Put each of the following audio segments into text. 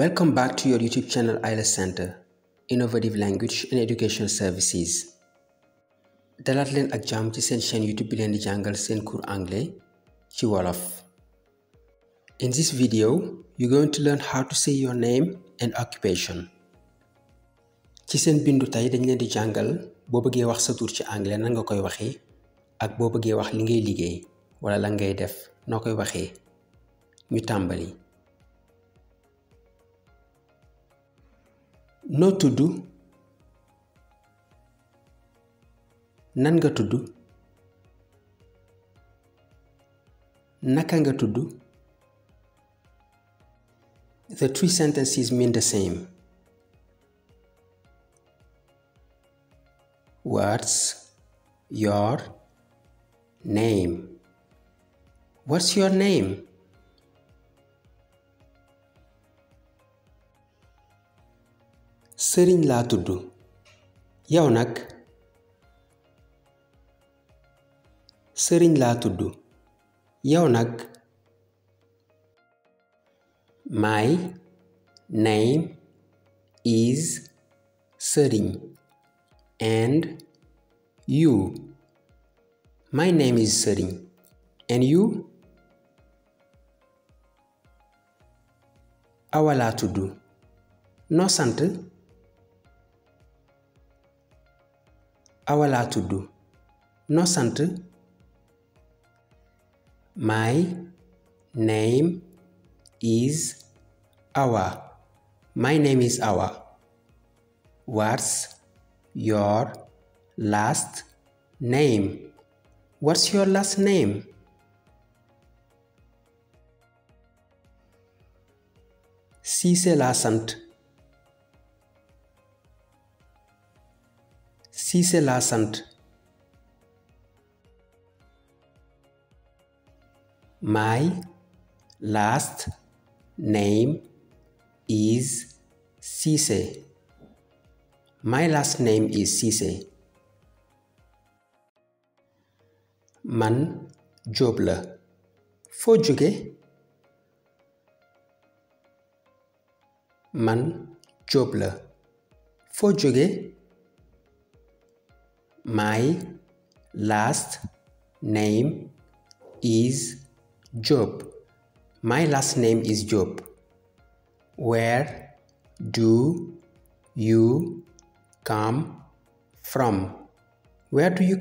Welcome back to your YouTube channel IELTS Center Innovative Language and Education Services dalaat leen ak jàmm ci seen chaîne YouTube bi leen di jàngal seen cours anglais ci wolof. In this video you're going to learn how to say your name and occupation. ci seen bindu tey dañ leen di jàngal boo bëggee wax sa tur ci anglais nanga koy waxee ak boo bëggee wax li ngay liggéey wala lan ngay def noo koy waxee ñu tàmbali. noo tudd nan nga tudd naka nga tudd the three sentences mean the same what's your name what's your name sëriñ laa tudd yow nag sëriñ laa tudd yow nag my name is sëriñ and you my name is sëriñ and you awalaa tudd noo sant awa laa tudd noo sant my name is awa my name is awa what's your last name what's your last name Cissé laa sant siise laa sant my last name is siise my last name is siise man jóob la foo jóge man jóob la foo jóge My last name is Job. My last name is Job. Where do you come from? Where do you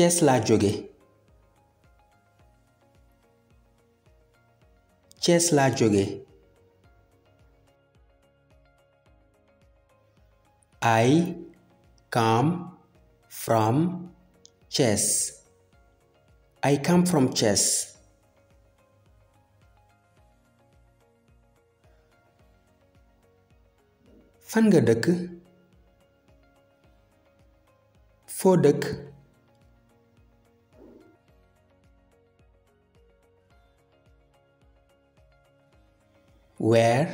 laa jóge I come from chess. I come from chess. fan nga dëkk foo dëkk where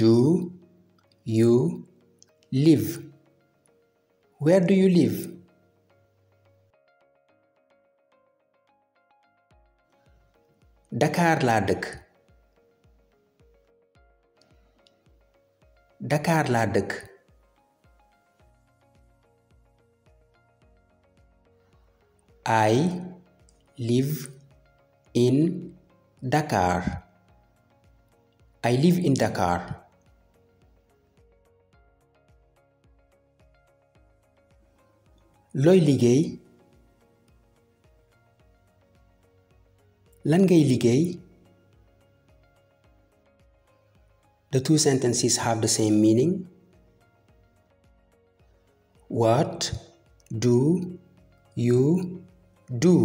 do you live where do you live Dakar laa dëkk Dakar laa dëkk I live in Dakar I live in Dakar looy liggéey lan ngay liggéey the two sentences have the same meaning what do you do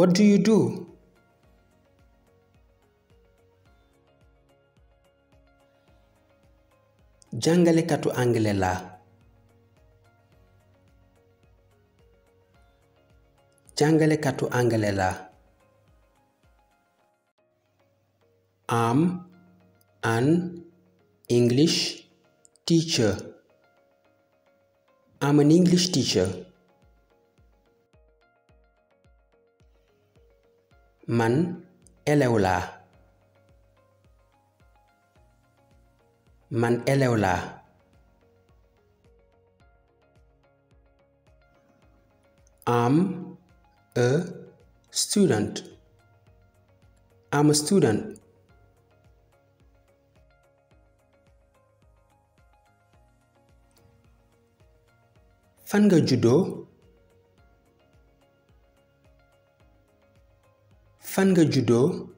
what do you do jàngalekatu anglais la jàngalekatu anglais la am an English teacher am an English teacher man élève la man élève la am a student. I'm a student. fan nga juddoo fan nga juddoo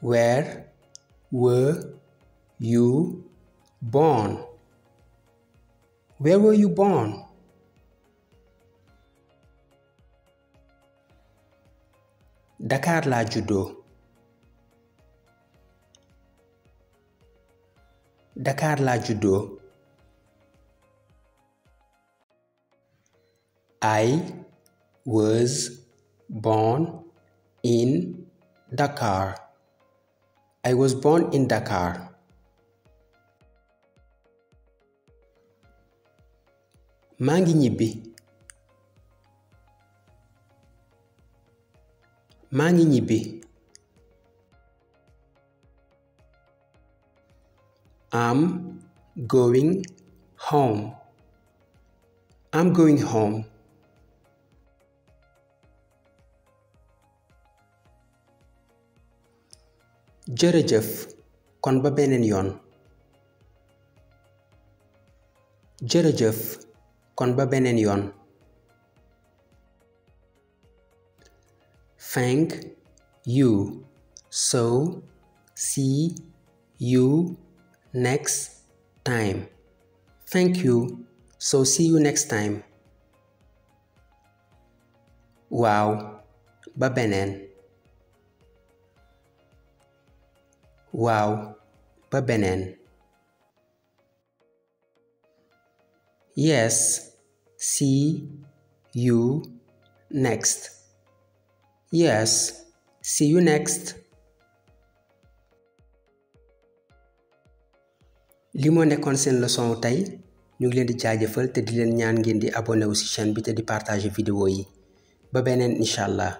where were you born where were you born Dakar laa juddoo laa juddoo I was born in Dakar I was born in Dakar maa ngi ñibbi maa ngi ñibbi am going home I'm going home jërëjëf kon ba beneen yoon jërëjëf kon ba beneen yoon thank you. So, see you next time. Thank you. So, see you next time. waaw ba beneen. waaw ba beneen. yes see you next. Yes. si you next. li moo nekkoon seen leçon tey ñu ngi leen di jaajëfal te di leen ñaan ngeen di abonné wu ci chaîne bi te di partager vidéo yi ba beneen incha allah.